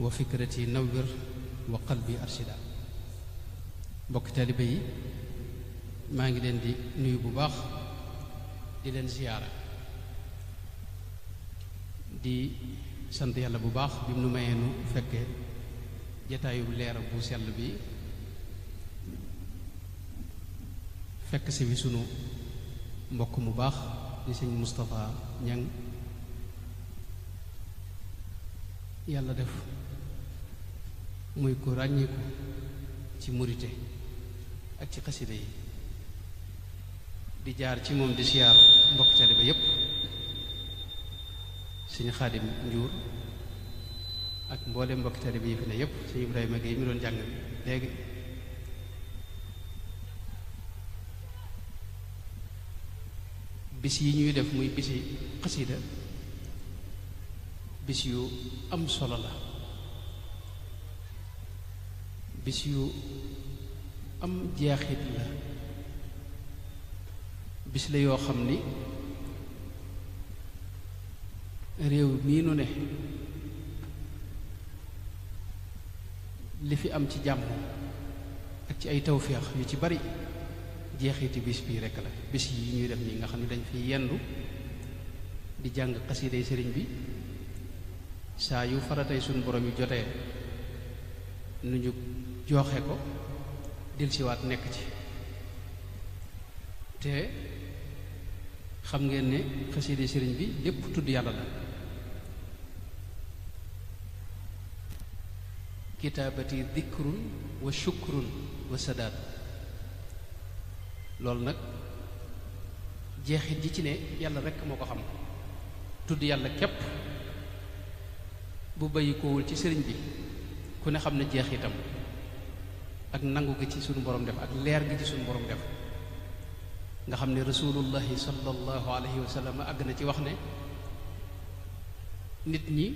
وفكرتي نور وقلبي ارشدا بوك تالبي ماغي لين دي نوي بو باخ دي لين زياره دي سنت يالا بو باخ بيم نو ماينو فك جتايو لير بو سيل بي فك سي في سونو مبوك مو باخ دي سيغ مصطفى نيان يالا ديف muy ko ràññeeku ci murite ak ci xasida yi di jaar ci moom di siyaar mbokk tali ba yépp suñu xaadim njuur ak mboole mbokk bi yi fi ne yépp suñu Ibrahima Gueye mi doon jàng léegi bis yi ñuy def muy bisi xasida bis yu am solo la bis yu am jeexit la bis la yoo xam ni réew nu ne li fi am ci jàmm ak ci ay yu ci bari jeexiti bis bi rek la bis yi ñuy def ni nga xam ne dañ fi yendu di jàng xasiiday sëriñ bi saa yu faratay sun borom yu jotee nu jooxe ko delsiwaat nekk ci te xam ngeen ne xaside sëriñ bi lépp tudd yàlla la kitaabati dikrun wa shukrun wa sadaat loolu nag jeexit ji ci ne yàlla rekk moo ko xam tudd yàlla képp bu bàyyikoowul ci sëriñ bi ku ne xam ne jeexitam ak nangu gi ci sunu borom def ak leer gi ci sunu borom def nga xam ne rasulullahi sallallahu alayhi wa sallam àgg na ci wax ne nit ñi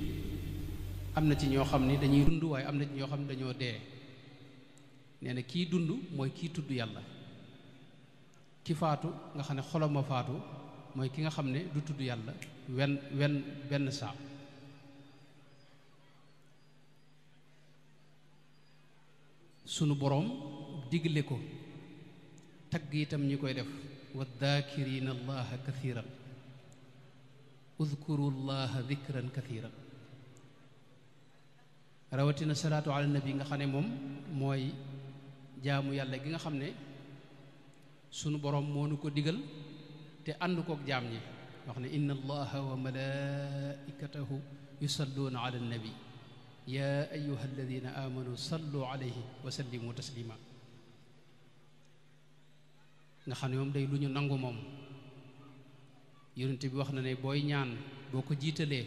am na ci ñoo xam ne dañuy dund waaye am na ci ñoo xam ne dañoo dee nee na kii dund mooy kii tudd yàlla ki faatu nga xam ne xoloma faatu mooy ki nga xam ne du tudd yàlla wenn wenn benn saam sunu borom digle ko tagg itam ñi koy def والذاكرين الله كثيرا اذكروا الله ذكرا كثيرا rawatina salatu ala nabi nga xane mom moy jaamu yàlla gi nga xamne sunu borom mo nu ko digal te ànd kook jaam ñi wax ne inna allah wa malaikatahu yusalluna ala nabi yaa ayyuha alladina amanu sallu alayhi wa sallimu xam ne moom day lu ñu nangu moom yonente bi wax na ne booy ñaan boo ko jiitalee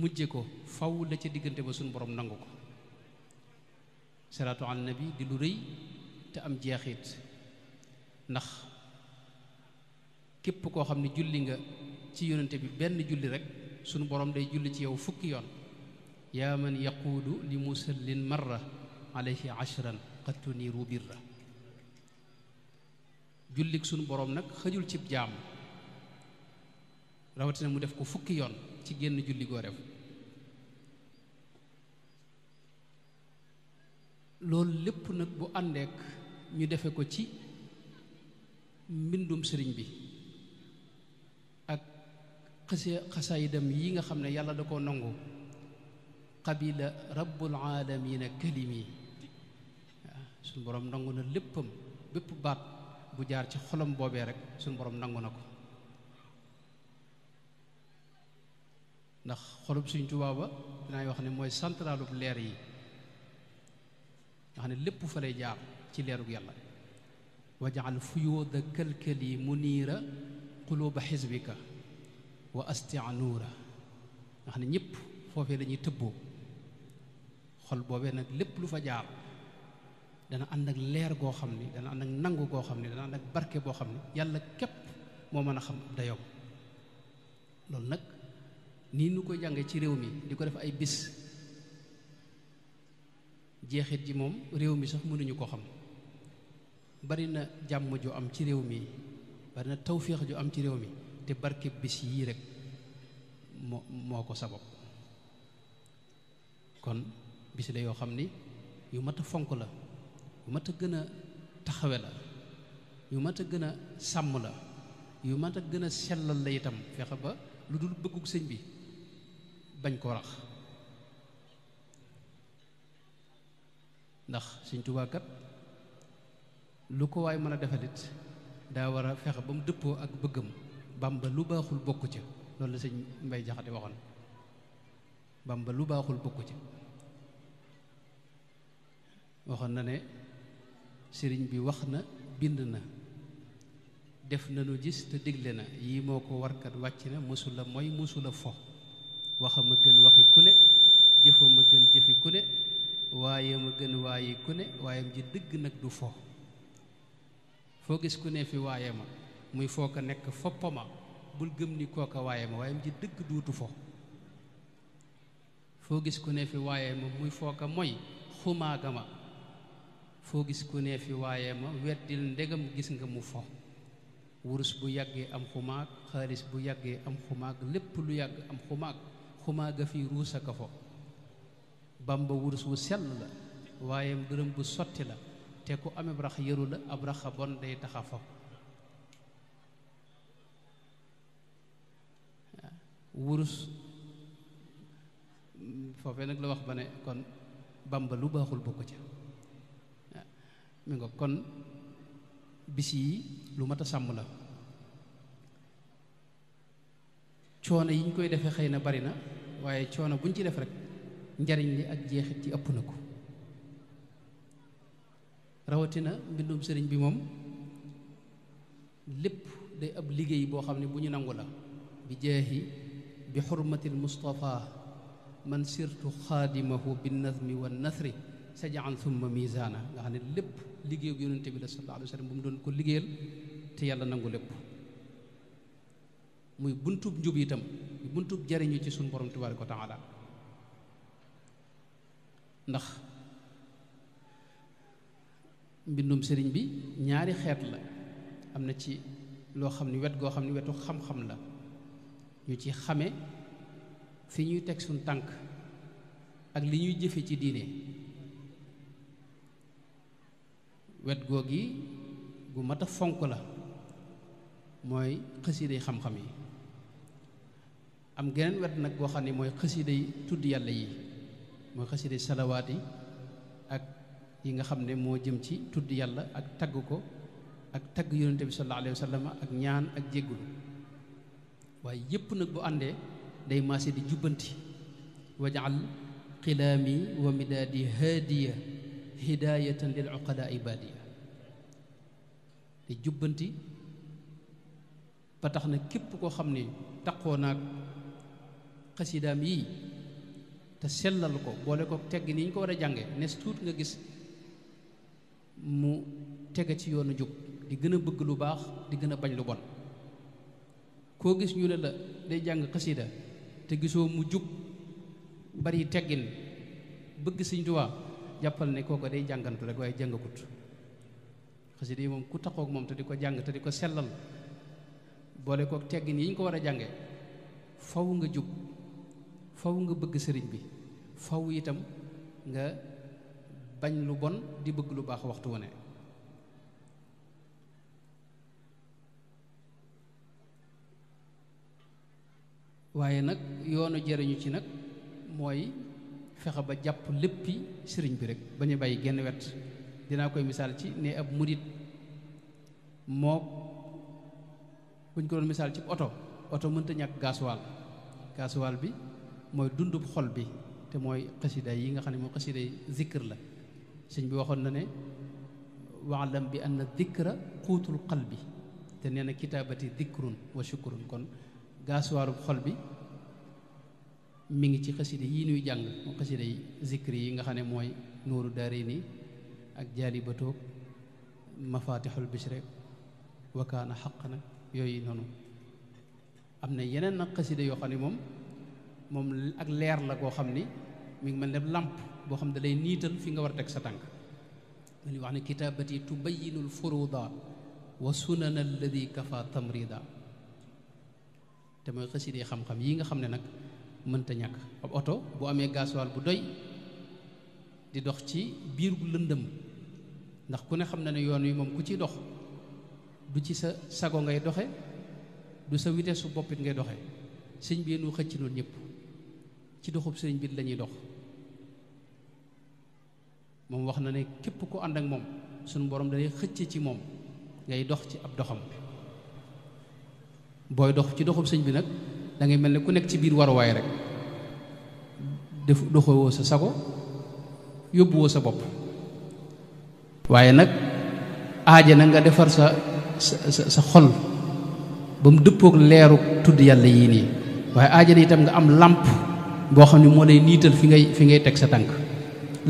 mujje ko faw la ca diggante ba suñu boroom nangu ko salaatu ala di lu rëy te am jeexit ndax képp koo xam ne julli nga ci yonente bi benn julli rek sunu borom day julli ci yow fukki yoon yaa man yaquudu li musallin marra alayhi ashran qad tuniiru la jullik sunu boroom nag xëjul cib jaam rawatina mu def ko fukki yoon ci génn julli goo def loolu lépp nag bu àndeek ñu defe ko ci mbindum sëriñ bi ak xase xasaayidam yi nga xam ne yàlla da koo nangu qabila rabbul aalamiina kalimi suñu borom nangu na léppam bépp baat bu jaar ci xolam boobee rek suñu borom nangu na ko ndax xolub suñ Tuubaa ba dinaay wax ne mooy santralub leer yi nga xam ne lépp fa lay jaar ci leerug yàlla wajal fuyooda kalkali muniira quluba xisbika wa astianuura nga xam ne ñëpp foofee la ñuy tëbboo xol boobee nag lépp lu fa jaar dana ànd ak leer goo xam ne dana ànd ak nangu goo xam ne dana ànd ak barke boo xam ne yàlla képp moo mën a xam dayoom loolu nag nii nu koy jànge ci réew mi di ko def ay bis jeexit ji moom réew mi sax mënuñu ko xam bari na jàmm ju am ci réew mi bari na tawféex ju am ci réew mi te barke bis yii rek moo moo ko sabab kon bisi la yoo xam ni yu mat a fonk la yu mat a gën a taxawe la yu mat a gën a sàmm la yu mat a gën a sellal la itam fexe ba lu dul bëggug sëñ bi bañ ko rax ndax sëñ tuba kat lu ko waay mën a defalit daa war a fexe ba mu dëppoo ak bëggam Bàmba lu baaxul bokku ca loolu la sëñ Mbay Jaxate waxoon Bàmba lu baaxul bokku ca waxoon na ne sëriñ bi wax na bind na def nañu gis te digle na yii moo ko warkat wàcc na mosula mooy mosula fo waxam a gën waxi ku ne jëfam a gën jëfi ku ne waayam a gën waayi ku ne waayam ji dëgg nag du fo foo gis ku ne fi waayama muy foo ko nekk foppama bul gëm ni kooka waayama waayam ji dëgg duutu fo foo gis ku ne fi waayama muy foo ko xumaagama foo gis ku ne fi waaye ma weddil ndegam gis nga mu fo wurus bu yàggee am xumaag xaalis bu yàggee am xumaag lépp lu yàgg am xumaag xumaag a fi ruus fo bamba wurus wu sell la waaye dërëm bu sotti la te ku ameb rax yëru la ab raxa bon day taxa fo wurus foofe nag la wax ba ne kon bamba lu baaxul bokk ca mi nga kon bis yi lu mat a sàmm la coono yi ñu koy defee xëy na bari na waaye coono bu ñu ci def rek njariñ li ak jeexit ci ëpp na ko rawatina mbindum sëriñ bi moom lépp day ab liggéey boo xam ne bu ñu nangu la bi jeexi bi xurmatil mustafaa man sirtu xaadimahu bi nazmi wa nasri sajaan thumma mizaana nga xam ne lépp liggéey bu yonente bi la sallallahu alayhi wa sallam bu mu doon ko liggéeyal te yàlla nangu lépp muy buntub njub itam buntub jariñu ci suñu borom tabaaraka ko taala ndax mbindum sëriñ bi ñaari xeet la am na ci loo xam ni wet goo xam ni wetu xam-xam la ñu ci xame fi ñuy teg suñ tànk ak li ñuy jëfe ci diine wet googi gu mat a fonk la mooy xësiday xam-xam yi am geneen wet nag goo xam ne mooy xësiday tudd yàlla yi mooy xësiday salawaat yi ak yi nga xam ne moo jëm ci tudd yàlla ak tagg ko ak tagg yonente bi sallallahu alayhi ak ñaan ak jéggul waaye yépp nag bu àndee day maase di jubbanti wajaal xilaami wa midaadi haadiya hidayatan lil uqada ibadiyah di jubanti ba taxna kep ko xamni takko nak qasidam yi xasidaam yii te sellal ko boole ko tegg ni ko wara nga gis mu tegg ci yoonu jub di gëna bëgg lu baax di gëna bañ lu bon ko gis ñu la day jang qasida te gisoo mu jub bari teggin bëgg Sëñ jappal ne koko day jangantu rek way jàngagut xasidi mom moom ku taxoog mom te diko jang te diko selal sellal ko teggini yiñ ko wara jangé faw nga jup faw nga bëgg sëriñ bi faw itam nga bañ lu bon di bëgg lu baax waxtu woné waaye nak yoonu jëriñu ci nak moy fexe ba japp léppi sëriñ bi rek baña a genn wet dina koy misal ci ne ab murid mo buñ ko doon misaal ci auto mën ta ñak gasoil gasoil bi moy dundub xol bi te moy qasida yi nga xam mo qasida zikr la sëñ bi waxon na ne wa'lam bi anna dhikra qutul qalbi te nee kitabati dhikrun wa shukrun kon gasoil xol bi mi ngi ci xasida yi nuy jàng moo xasida yi yi nga xam ne mooy nuuru daarayni ak jaalibatoog mafatixul bishrek wakaana xaq nag yooyu noonu am na yeneen nag xasida yoo xam ne moom moom ak leer la koo xam ni mu ngi mel ne làmp boo xam ne da niital fi nga war a teg sa tànk mu ni wax ne kitaabati tubayinul furuda wa sunana alladi kafa tamrida te mooy xasida xam-xam yi nga xam ne nag mënta ñàkk ab oto bu amee gasoil bu doy di dox ci biir gu lëndëm ndax ku ne xam na ne yoon wi moom ku ciy dox du ci sa sago ngay doxe du sa vitesse su boppit ngay doxe sëñ bi nu xëcc noonu ñëpp ci doxub sëñ bi lañuy dox moom wax na ne képp ku ànd ak moom suñu borom danay xëcc ci moom ngay dox ci ab doxam booy dox ci doxub sëñ bi nag da ngay melni ku nek ci biir way rek def doxewoo sa sago yobbo sa bop waye nak aaje na nga defar sa sa xol bam deppok leeru tudd yalla yi ni waye aaje ni tam nga am lamp, bo xamni mo lay nital fi ngay fi ngay tek sa tank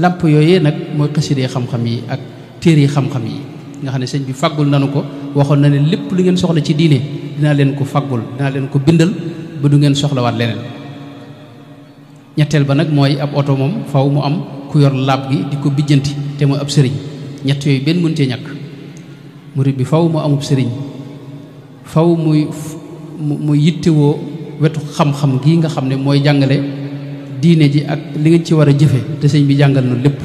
làmp yoyé nak moy xam-xam yi ak téré xam-xam yi nga xam señ bi fagul nanuko waxon na ne lepp li ngeen soxla ci diiné dina len ko fagul dina len ko bindal ba du ngeen soxlawaat leneen ñetteel ba nag mooy ab oto moom faw mu am ku yor laab gi di ko bijjanti te ma ab sëriñ ñett yooyu benn mën cee ñàkk murid bi faw mu amub sëriñ faw muy mu yittewoo wetu xam-xam gii nga xam ne mooy jàngale diine ji ak li nga ci war a jëfe te bi jàngal na lépp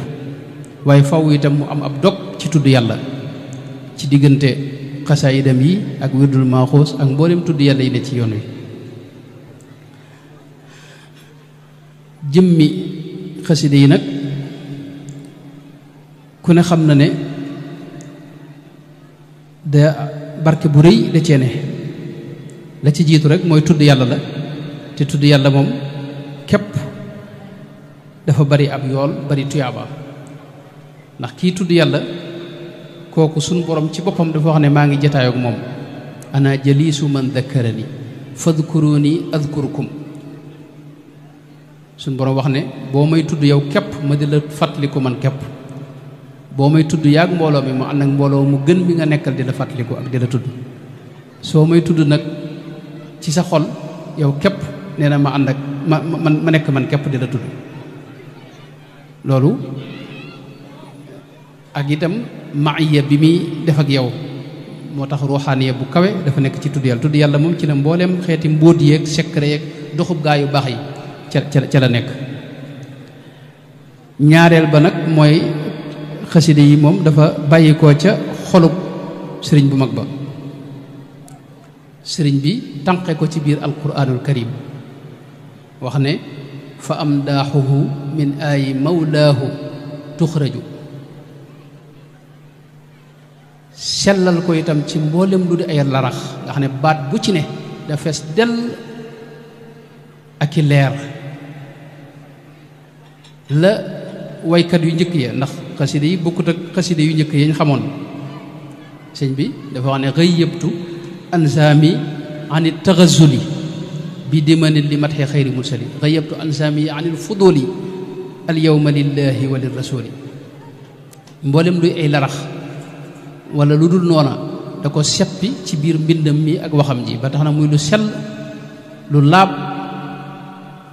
waaye faw itam mu am ab dog ci tudd yàlla ci diggante xasaayidam yi ak wirdul maaxoos ak mboolem tudd yàlla yi ne ci yoon wi jëmmi xaside yi nag ku ne xam na ne da barke bu rëy da cee la ci jiitu rek mooy tudd yàlla la te tudd yàlla moom képp dafa bari ab yool bari tuyaaba ndax kii tudd yàlla kooku sunu borom ci boppam dafa wax ne maa ngi jataayoo moom ana jaliisu man dakkarani fadkuruni adkurkum sun borom wax ne bo may tudd yow kep ma di la fatliku man kep bo may tudd yaag mbolo mi mo ànd ak mbooloo mu gën bi nga nekkal di la fatliku ak di la tudd so may tudd nak ci sa xol yow kep neena ma ànd ak ma ma nekk man kep di la tudd lolu ak itam ma'iyya bi mi def ak yow motax ruhaniya bu kawé dafa nek ci tudd yalla tudd yalla mom ci na mbolem xéti secret yek doxub gaayu ca ca la nekk ñaareel ba nag mooy xasida yi moom dafa bàyyikoo ca xolub sëriñ bu mag ba sëriñ bi tànqe ko ci biir alquranul karim wax ne fa min aayi mawlaahu tuxraju sellal ko itam ci mboolem lu di ay larax nga xam ne baat bu ci ne da ak leer la way kat yu ñëk ya ndax qasida yi bokku ak qasida yu ñëk yi ñu xamoon sëñ bi dafa wax ne ghayyabtu anzami ansaami ani taghazzuli bi dimani li matxe xayri mursali ghayyabtu anzami ansaami ani fuduli al yowma lillahi wa lirasuli mbolem du ay larax wala ludul nona da ko seppi ci bir mbindam mi ak waxam ji ba taxna muy lu sel lu lab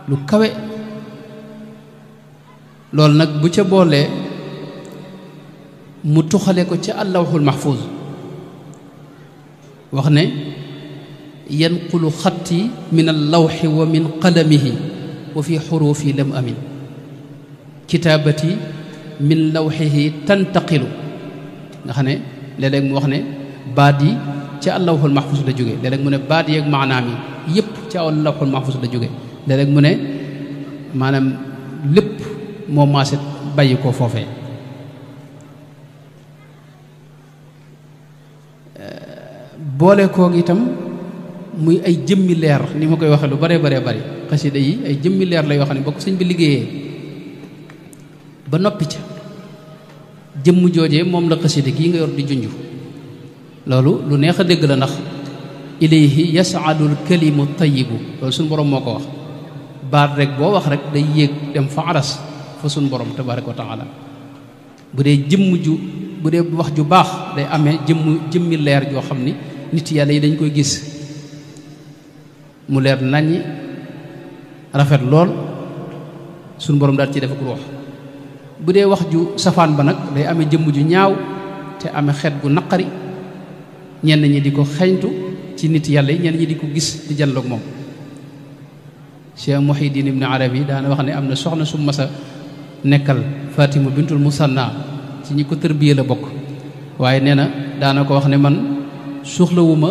lu kawe lol nak bu ca bolé mu tukhalé ko ci allahul mahfuz wax ne yanqulu khatti min al-lawh wa min qalamihi wa fi hurufi lam amin kitabati min lawhihi tantaqilu nga xane ne leeg mu wax ne baat yi ca allawxul maxfuus la jóge mu ne badi ak manami yi yëpp ca allawxul maxfuus la jóge léeg-léeg mu ne manam lépp moom maasit bàyyi ko foofee eh, boole ngi itam muy ay jëmmi leer ni ma koy waxe lu bare bare bari xasida yi ay jëmmi leer lay yoo xam ne bokk sëñ bi liggéeyee ba noppi ca jëmm joojee moom la xasida gii nga yor di junju loolu lu neex a dégg la ndax ilayhi tayibu loolu borom moo ko wax baar rek boo wax rek day yéeg dem faras fa sun borom tabarak wa taala budé dee jëmm ju bu wax ju baax day amé jëm jëmmi leer jo xamni nit yalla yi dañ koy gis mu leer nañi rafet lool sun borom dal ci def ko wax bu wax ju safan ba nak day amé jëmm ju ñaaw té amé xet gu naqari ñen ñi diko xeyntu ci nit yalla ñen ñi di gis di jallok mom cheikh muhiddin ibn arabi dan wax ni amna soxna su masa nekkal Fatima bintul Musanna ci ñi ko tërbiye la bokk waaye nee na daana ko wax ne man soxlawuma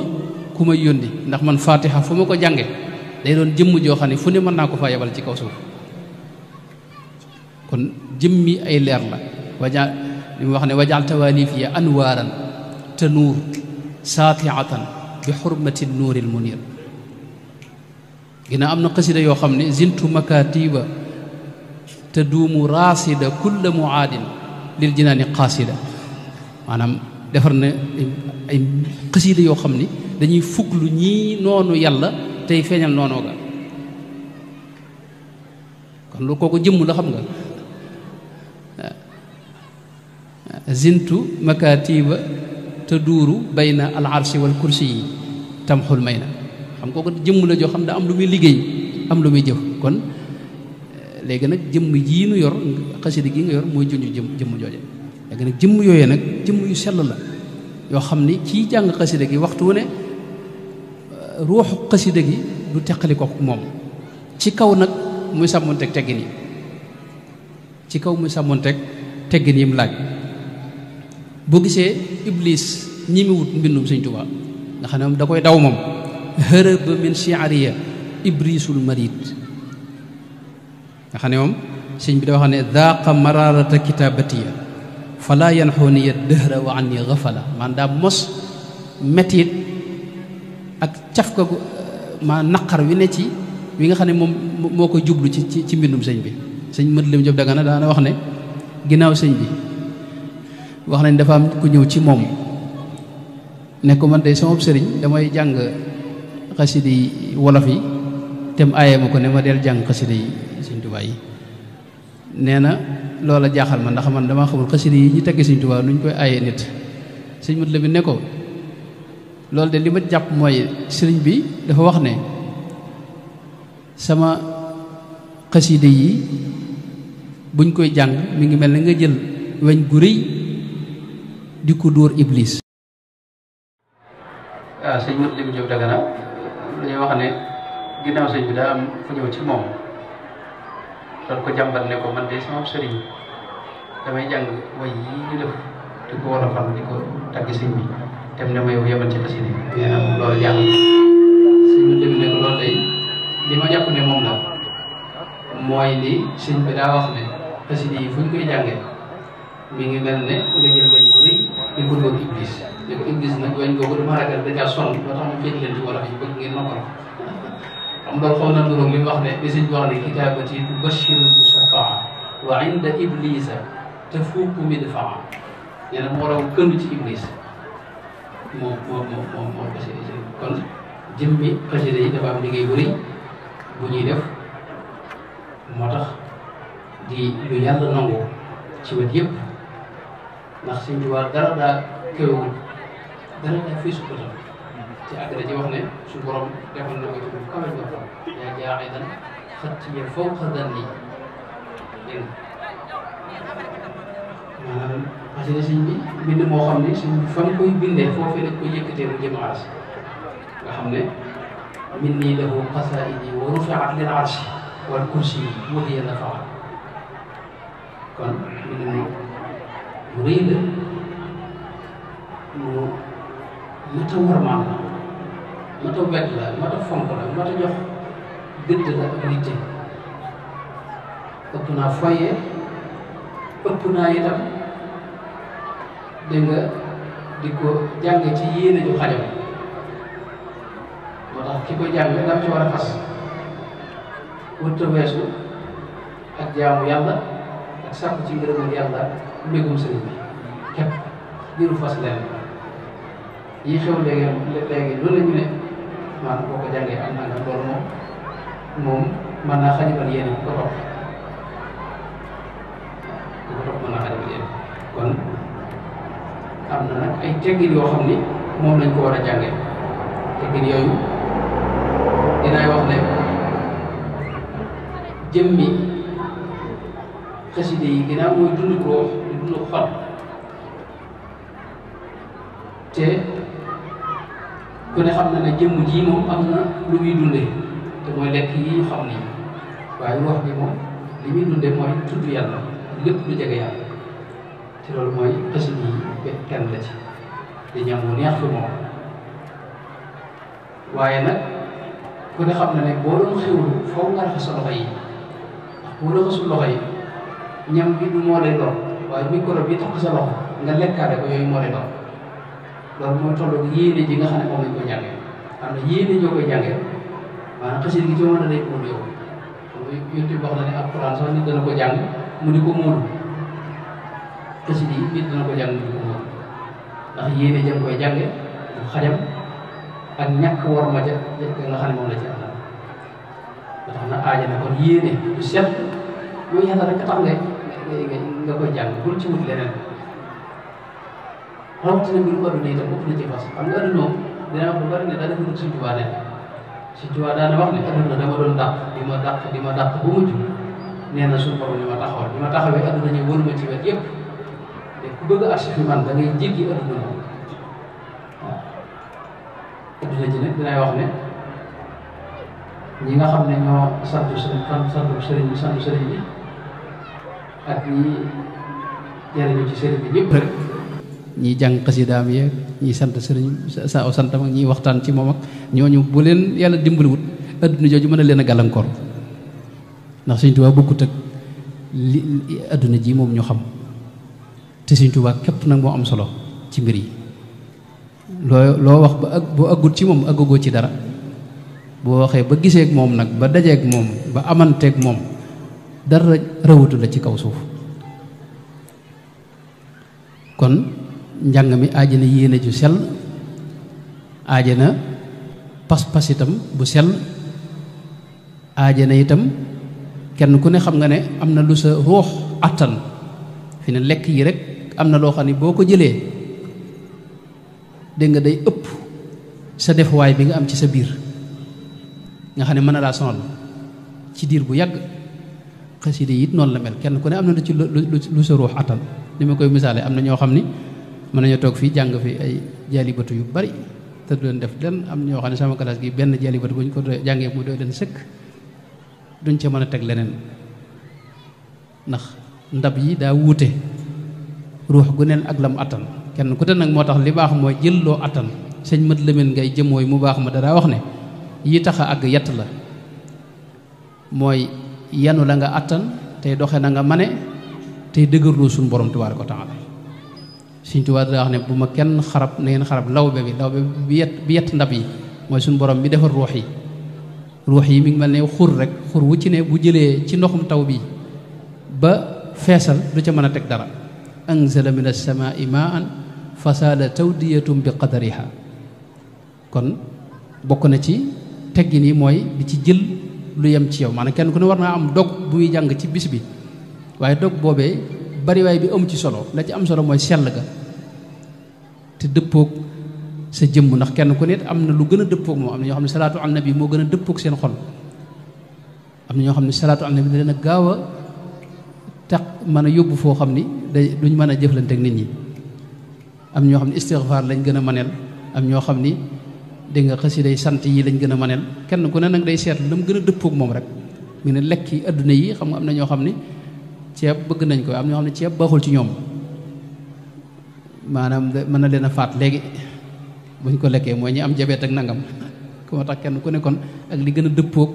ku may yónni ndax man fatiha fuma ko jànge day doon jëm jo xani fu ne man naa ko faa yebal ci kaw suuf kon jëmmi ay leer la waja li wax ne wajal tawaalifiya anwaaran anwaran tanur saatiatan bi hurmati an-nuril munir gina amna qasida yo yoo zintu makatiba تدوم راصده كل معاد للجنان قاصده أنا ديفرنا اي قصيده يو خامني داني فوكلو ني نونو يالا تاي فينال نونو غا كون لو كوكو جيم لا خامغا زنت مكاتب تدور بين العرش والكرسي تمحو المينا خام كوكو جيم لا جو خام دا ام لومي ليغي ام لومي جيف léegi nag jëm yii nu yor xasida gi nga yor mooy junj jëm jëmm jooje léegi nag jëmm yooyee nag jëmm yu sell la yoo xam ni kii jàng xasida gi waxtu wu ne euh, ruuxu xasida gi du teqali ko moom ci kaw nag muy sàmmonteeg teggin yi ci kaw muy sàmmonteeg teggin yi laaj boo gisee iblis ñi mi wut mbindum sëñ Tuubaa nga xam ne moom da koy daw moom hërëba min chiaria ibrisul marid nga xam ne moom bi da waxane dhaqa daqa mararata kitabatiya fala yanhuni yadhra wa anni gafala man da mos metit ak tiaf ko eh, ma nakar wi ne ci wi nga xane mom moko jublu ci ci mbindum sëñ bi sëñ mët lim job dagana daana wax ne ginaaw sëñ bi wax nañ dafa am ku ñew ci mom ne ko man day sama sëriñ damay jang xasidi wolof yi tem aaye ma ko ne ma del jang xasidi yi Tuubaa yi nee na loola jaaxal ma ndax man dama xamul xasida yi ñu tegg Sëñ Tuubaa nuñ koy aaye nit sëñ mat la bi ne ko loolu de li ma jàpp mooy sëriñ bi dafa wax ne sama xasida yi buñ koy jàng mi ngi mel na nga jël weñ gu di ko dóor iblis bi ah, Jóob Dagana dañuy wax ne ginnaaw sëñ bi daa am fu ñëw ci moom doon ko jàmbal ne ko man de sama sëriñ damay jang way yi ni def di ko war a fal di ko tagg sëñ bi dem ne may yow yemal ci tassine nee na loolu jàng dem ne ko loolu day li ma jàpp ne mom la moy li sëñ bi da wax ne tassine yi fuñ koy jangé mi ngi mel ne ko jël bañ ko ri di ko dóor iblis ne ko iblis nag bañ googu dama ragal da caa son motax tax ma féet leen ci wolof yi bëgg ngeen ma ko مرخونا نروم لي واخني بيزي دوار لي كتاب تبشر المشفع وعند ابليس تفوق مدفع يعني مورا كنو تي ابليس مو مو مو مو مو باسي كون جيمي خجيري دابا ام ليغي بوري بو ني ديف موتاخ دي لو يالا تي وات ييب ناخ سي كيو دار دا فيسبوك ci àddina ji wax ne suñu borom defal na ko ci bu kawe njortam yaa jaaxidan xattiya fawqa danni dégg nga maanaam parce que suñ bi bind moo xam ne suñ fa mu koy bindee foofee nag koy yëkkatee mu jëm arsi nga xam ne min nii lahu qasaidi wa rufiat lil arsi wal kursi wa hiya nafaa kon bind mu rëy la mu mata war maanaam mat a wegg la mat a fonk la mat a jox gëdd la ak yitte ëpp naa foye ëpp naa itam dégg di ko jàng ci yéene ju xajam moo tax ki koy jàng dam ci war a fas wërta weesu ak jaamu yàlla ak sàkku ci ngërëmal yàlla mbégum sëriñ bi képp diiru fas leen yi xew léegi loolu ñu ne maanaam boo ko jàngee am nangam loolu moom moom mën naa xajabal yéen ku ko topp ku ko topp mën naa kon am na nag ay yoo xam ni moom lañ ko war a jàngee teggin yooyu dinaay wax ne jëmmi xaside yi ginnaaw mooy dund ruux di dund te ku ne xam na ne jëmm ji moom am na lu muy dundee te mooy lekk yi ñu xam nii waaye wax bi moom li muy dundee mooy tudd yàlla lépp lu jege yàlla te loolu mooy xësit yi be kenn la ci di ñam wu neex fi moom waaye nag ku ne xam na ne boo doon xewlu foofu nga raxas sa loxo yi ndax boo raxasul loxo yi ñam bi du moo lay doon waaye microbe bi tax sa loxo nga lekkaale ko yooyu moo lay doon loolu mooy tolloog yéene ji nga xam ne moom lañ ko jàngee am na yéene ñoo a day óolee ko yonent bi ko jàng mu di ko móolu xasida yi nit dana ko jàng mu ko móolu ndax yéene jëm koy jànge du la ci am ba a tax ci hawtina mbiɗo waɗuneyta fofnete fas kam ɗo aduna o ndena ko warne ɗaɗa huɗum so juwaɗen so juwaɗano waxne aduna dama ɗon dàq dima dàq dima dàq ba mujj nee na suñu borom dima taxawal dima taxawee aduna ñu wóoruma ci wet yépp te ku bëgg arsi fi man da ngay jéggi aduna moom waaw aduna ji nag dinay wax ne ñi nga xam ne ñoo sant sëriñ sant sëriñ sant sëriñ bi ak ñi jëriñu ci sëriñ bi ñëpp rek ñi jang qasidam ye ñi sant sëriñ sa o oh, sant ak ñi waxtan ci moom ak ñooñu bu len yalla dimbul wut aduna joju a len a ndax sëñ tubaa bu ak li adduna ji mom ñu xam te sëñ tubaa kep nak mo am solo ci mbir yi lo loo wax ba ak bu dar ci mom aggagoo ci dara boo waxe ba ak mom nak ba ak mom ba ak mom dara rewutu la ci kaw suuf kon Jangan mi aaje na ju sel aaje na pas-pas itam bu sel, aaje na itam kenn ku ne xam nga ne am na lu sa ruux attan fi ne lekk yi rek am na loo xam ne boo nga day ëpp sa bi nga am ci sa bir nga xam man la na sonal ci dir bu yag xaside yit non la mel kenn ku ne amna lu ci lu sa ni koy misale amna ño xamni mën nañoo toog fii jàng fi ay jaalibatu yu bari te du leen def lenn am ñoo xam ne sama classe gi benn jaalibatu bu ñu ko jàngee mu doy leen sëkk duñ ca mën a teg leneen ndax ndab yi daa wuute ruux gu neen ak lam attan kenn ku te nag moo tax li baax mooy jël loo attan sëñ mat lëmin ngay jëmooy mu baax ma dara wax ne yi tax a àgg yett la mooy yenu la nga àttan tey doxe na nga mane tey dëgërloo suñu borom tabaaraka ko taala Sëñ Tuubaa daa wax ne bu ma kenn xarab na ngeen xarab lawbe bi lawbe bi yet bi yet ndab yi mooy suñu borom bi defar ruux yi ruux yi mi ngi mel ne xur rek xur wu ci ne bu jëlee ci ndoxum taw bi ba feesal du ca mën a teg dara anzala min as-samaa'i maa'an fasaada tawdiyatun kon bokk na ci teggin yi mooy di ci jël lu yem ci yow maanaam kenn ku ne war naa am dog bu muy jàng ci bis bi waaye dog boobee bariwaay bi amu ci solo la ci am solo mooy sell ga te dëppook sa jëmm ndax kenn ku nekk am na lu gën a dëppoog moom am na ñoo xam ne salaatu al nabi moo gën a dëppoog seen xol am ñoo xam ne salaatu al nabi da leen a gaaw tax mën a yóbbu foo xam ni day duñ mën a jëflante ak nit ñi am ñoo xam ne istigfaar lañ gën a maneel am ñoo xam ni dégg nga xasida yi sant yi lañ gën a maneel kenn ku ne nag day seet lu mu gën a dëppook moom rek mu ne lekk yi adduna yi xam nga am na ñoo xam ne ceeb bëgg nañ ko am ñoo xam ne ceeb baaxul ci ñoom manam de man leen a faat léegi buñ ko lekkee mooy ñi am jabeet ak nangam moo tax kenn ku ne kon ak li gën a dëppoog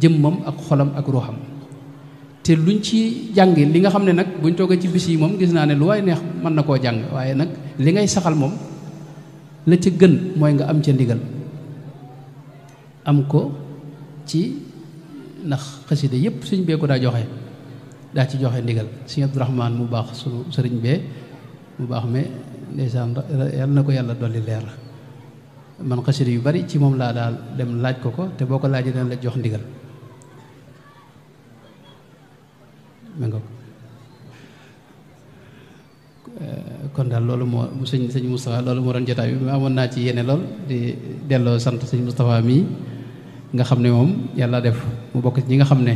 jëmmam ak xolam ak ruuxam te luñ ci jàng li nga xam ne nag buñ toogee ci bis yi moom gis naa ne lu way neex mën na koo jàng waaye nag li ngay saxal moom la ci gën mooy nga am ca ndigal am ko ci ndax xasida yépp suñ bee ko daa joxe daa ci joxe ndigal suñu Abdourahman mu baax sëriñ bu baax mais ndeysaan yal na ko yàlla dolli leer man xasida yu bari ci moom laa daal dem laaj ko ko te boo ko laaj dana la jox ndigal ma nga eh, kon daal loolu moo sëñ sëñ Moustapha loolu moo doon jotaay bi amoon naa ci yéene lool di delloo sant sëñ Moustapha mii nga xam ne moom yàlla def mu bokk ci nga xam ne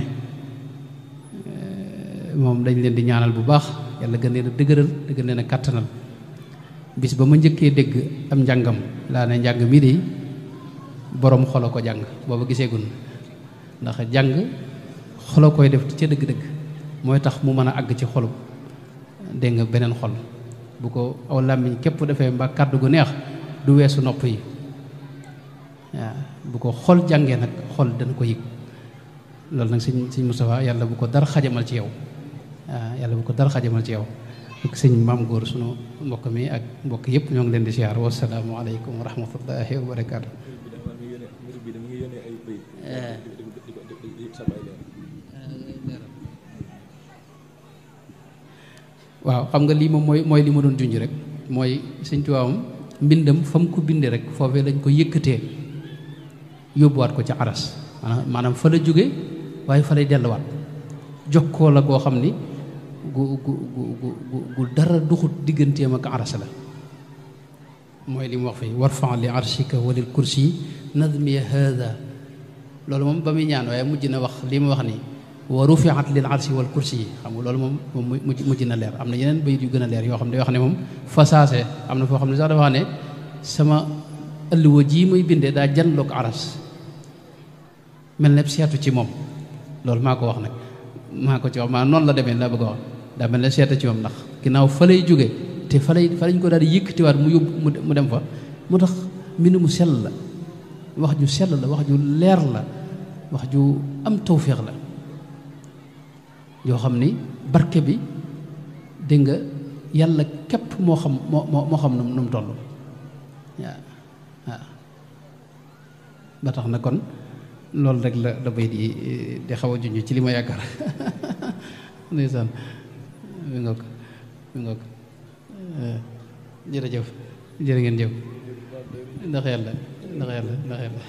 eh, moom dañ leen di ñaanal bu baax yàlla gën leen a dëgëral te gën leen a kàttanal bis ba ma njëkkee dégg am njàngam laa ne njàng mi de borom xolo ko jàng booba giseegun ndax jàng xolo koy def ca dëgg-dëgg mooy tax mu mën a àgg ci xolu dégg nga beneen xol bu ko aw làmmiñ képp defee mbaa kàddu gu neex du weesu nopp yi waaw bu ko xol jàngee nag xol dana ko yëg loolu nag sëñ sëñ Moustapha yàlla bu ko dara xajamal ci yow Ah, yàlla bu ko dara xajamal ci yow ak sëñ mam góor suñu mbokk mi ak mbokk yëpp ñoo ngi leen di siyaar alaykum wa rahmatullahi wa barakaatu waaw xam nga lii moom mooy mooy li ma doon junj rek mooy sëñ tuwaam mbindam fam ko bindee rek foofee lañ ko yëkkatee yóbbuwaat ko ci aras maanaam fa la jóge waaye fa lay delluwaat jokkoo la goo xam ni gu gu gu gu dara duxut digganteem ak aras la mooy li mu wax fii warfan li arshika walil kursi nadmi hada loolu moom ba muy ñaan waaye mujj na wax li mu wax ni wa rufiat lil arshi wal kursi yi xam nga loolu moom moom mujj mujj na leer am na yeneen bayit yu gën a leer yoo xam ne wax ne moom fasaase am na foo xam ne sax dafa wax ne sama alluwa jii muy bindee daa janloog aras mel ne seetu ci moom loolu maa ko wax nag maa ko ci wax maa noonu la demee laa bëgg a wax daa mel ne seeta ci moom ndax ginnaaw fa lay jóge te fa lay fa lañ ko daal di yëkkatiwaat mu yóbbu mu dem fa moo tax mbind mu sell la wax ju sell la wax ju leer la wax ju am tawféex la yoo xam ni barke bi dégg nga yàlla képp moo xam moo moo toll waaw ba tax na kon loolu rek la da bay di eh, di xaw a junj ci li ma yaakaar ndeysaan mi ngoog mi ngoog eh, jërëjëf jërë ngeen jëf ndax yàlla ndax yàlla ndax yàlla